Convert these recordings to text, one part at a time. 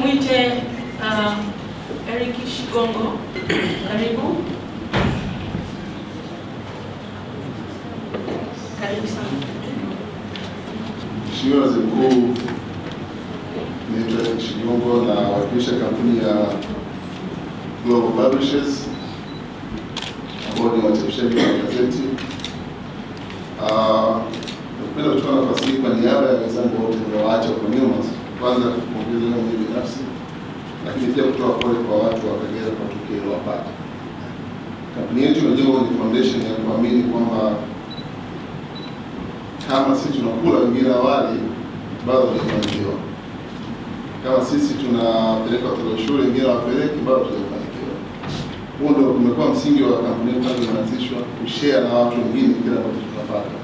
Mwite uh, Eric Shigongo, karibu karibu sana. Mheshimiwa Waziri Mkuu, naitwa Eric Shigongo na wakilisha kampuni ya Global Publishers mtandaoni wa televisheni na magazeti. Ah, napenda kuchukua nafasi hii kwa niaba ya wenzangu wote niliowaacha kwa nyuma, kwanza kupongeza leo mimi binafsi, lakini pia kutoa pole kwa watu wa Kagera kwa tukio lililowapata. Kampuni yetu imejengwa ni foundation ya kuamini kwamba kama sisi tunakula bila wali bado tunafanikiwa, kama sisi tunapeleka watoto shule bila wapeleki bado tunafanikiwa. Huo ndio umekuwa msingi wa kampuni yetu tangu imeanzishwa, kushare na watu wengine kila ambacho tunapata.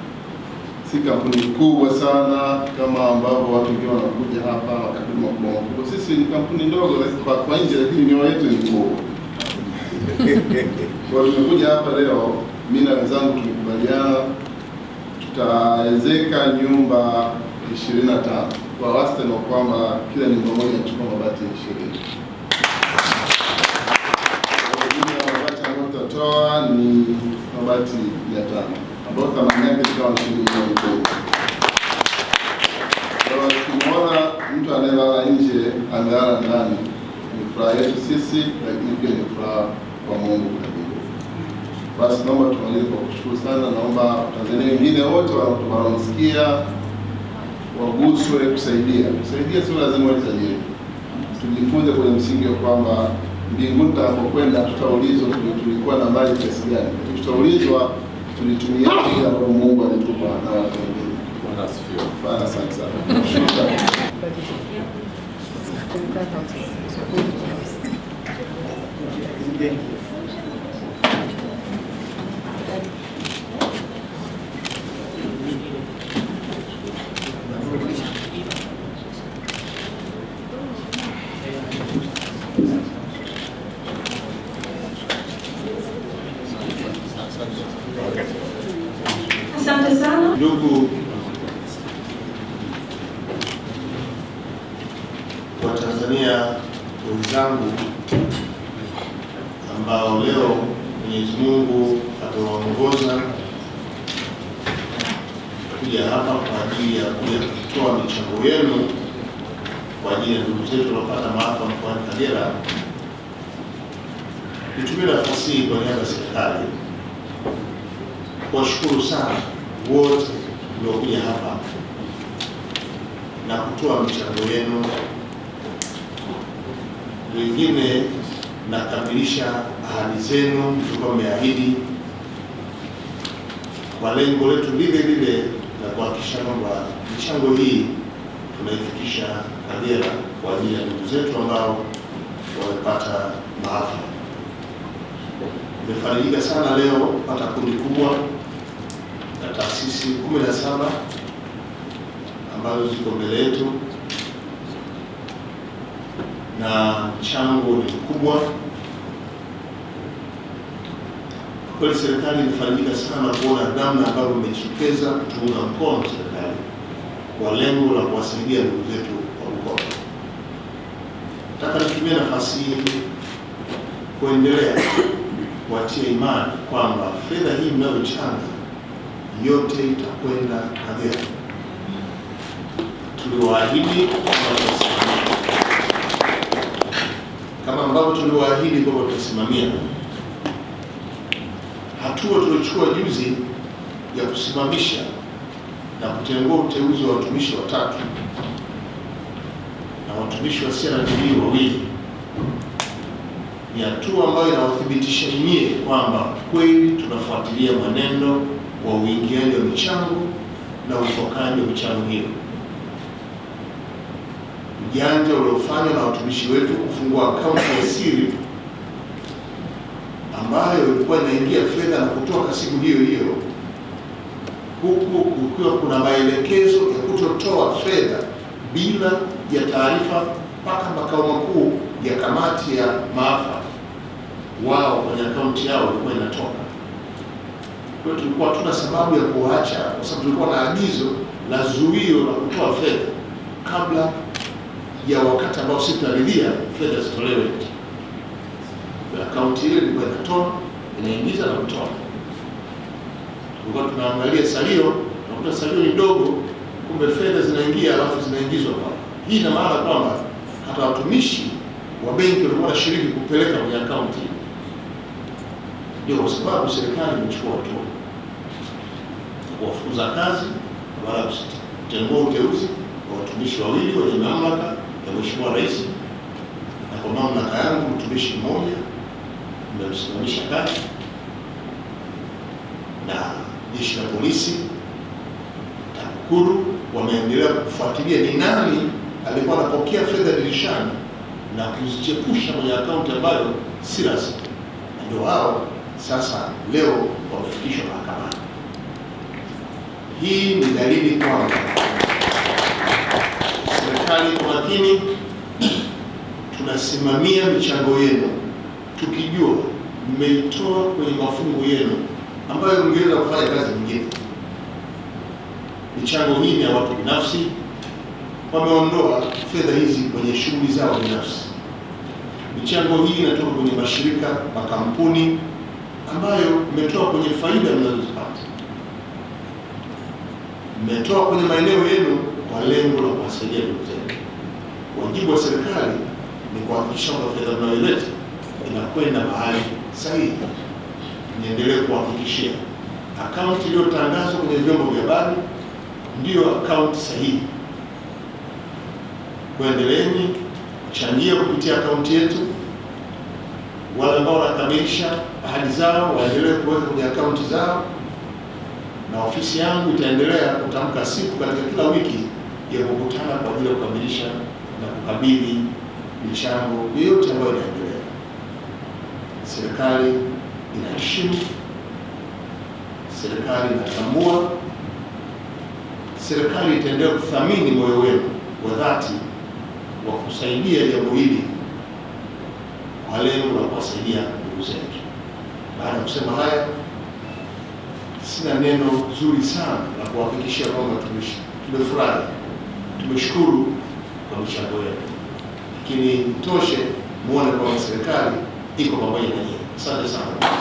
Si kampuni kubwa sana kama ambavyo watu wengine wanakuja hapa wakatuma makubwa makubwa. Sisi ni kampuni ndogo kwa, kwa nje, lakini mioyo yetu ni kubwa. Kwa tumekuja hapa leo, mimi na wenzangu tumekubaliana tutaezeka nyumba 25 na tano kwa wastani, kwamba kila nyumba moja inachukua mabati ya ishirini. bati ya tano ambayo thamani yake ikawa shilingi milioni kumi. mtu anayelala nje amelala ndani, ni furaha yetu sisi, lakini pia ni furaha kwa Mungu Basi naomba tumalize kwa kushukuru sana. Naomba Tanzania wengine wote wanaomsikia waguswe kusaidia. Kusaidia sio lazima wajisajili, tujifunze kwenye msingi wa kwamba mbinguni tutakapokwenda tutaulizwa tulikuwa na mali kiasi gani. Tutaulizwa tulitumia kile ah! kwa Mungu alitupa na watu wengine. asante sana. Thank you. Ndugu wa tanzania wenzangu ambao leo Mwenyezi Mungu atawaongoza kuja hapa kwa ajili ya kuja kutoa michango yenu kwa ajili ya ndugu zetu waliopata maafa mkoani Kagera, nitumie nafasi hii kwa niaba ya serikali kuwashukuru sana wote mliokuja hapa na kutoa michango yenu. Wengine nakamilisha ahadi zenu mlikuwa mmeahidi, kwa lengo letu lile lile la kuhakikisha kwamba michango hii tunaifikisha Kagera kwa ajili ya ndugu zetu ambao wamepata maafa. Nimefarijika sana leo kupata kundi kubwa na taasisi kumi na saba ambazo ziko mbele yetu na mchango ni mkubwa kweli. Serikali imefarijika sana kuona namna ambavyo imejitokeza kutuunga mkono serikali kwa lengo la kuwasaidia ndugu zetu wa Bukoba. Nataka nitumie nafasi hii kuendelea kuwatia imani kwamba fedha hii mnayochanga yote itakwenda Kagera. Tuliwaahidi kama ambavyo tuliwaahidi kwamba tutasimamia hatua tuliochukua juzi ya kusimamisha na kutengua uteuzi wa watumishi watatu na watumishi wa CRDB wawili ni hatua ambayo inawathibitisha nyie kwamba kweli tunafuatilia mwenendo wa uingiaji wa michango na utokaji wa michango hiyo. Ujanja uliofanywa na watumishi wetu kufungua akaunti ya siri ambayo ilikuwa inaingia fedha na kutoka siku hiyo hiyo, huku kukiwa kuna maelekezo ya kutotoa fedha bila ya taarifa mpaka makao makuu ya kamati ya maafa. Wao kwenye akaunti yao ilikuwa inatoka kwa hiyo tulikuwa hatuna sababu ya kuacha, kwa sababu tulikuwa na agizo la zuio la kutoa fedha kabla ya wakati ambao sisi tunaridhia fedha zitolewe nje. Akaunti ile ilikuwa inatoa inaingiza na kutoa. Tulikuwa tunaangalia salio, nakuta salio ni dogo, kumbe fedha zinaingia alafu zinaingizwa hapa. Hii ina maana kwamba hata watumishi wa benki walikuwa wanashiriki kupeleka kwenye akaunti. Ndio kwa sababu serikali imechukua hatua kuwafukuza kazi wala kutengua uteuzi wa watumishi wawili wenye mamlaka ya Mheshimiwa Rais, na kwa mamlaka yangu mtumishi mmoja nimemsimamisha kazi, na jeshi la polisi TAKUKURU wameendelea kufuatilia ni nani alikuwa anapokea fedha dirishani na kuzichepusha kwenye akaunti ambayo si rasmi, ndio hao sasa leo wamefikishwa mahakamani. Hii ni dalili kwamba serikali kwa makini tunasimamia michango yenu, tukijua mmeitoa kwenye mafungu yenu ambayo mngeweza kufanya kazi nyingine. Michango hii ni ya watu binafsi, wameondoa fedha hizi kwenye shughuli zao binafsi. Michango hii inatoka kwenye mashirika, makampuni ambayo mmetoa kwenye faida mnazozipata mmetoa kwenye maeneo yenu kwa lengo la kuwasaidia ndugu zetu. Wajibu wa serikali ni kuhakikisha kwamba fedha mnayoleta inakwenda mahali sahihi. Niendelee kuhakikishia akaunti iliyotangazwa kwenye vyombo vya habari ndiyo akaunti sahihi. Kuendeleeni kuchangia kupitia akaunti yetu. Wale ambao wanakamilisha ahadi zao waendelee kuweka kwenye akaunti zao na ofisi yangu itaendelea kutamka siku katika kila wiki ya kukutana kwa ajili ya kukamilisha na kukabidhi michango yote ambayo inaendelea. Serikali inaheshimu, serikali inatambua, serikali itaendelea kuthamini moyo wenu wa dhati wa kusaidia jambo hili kwa lengo la kuwasaidia ndugu zetu. Baada ya kusema haya sina neno zuri sana la kuhakikishia kwamba tumefurahi, tumeshukuru kwa michango yenu, lakini mtoshe muone kwamba serikali iko pamoja na nyinyi. Asante sana.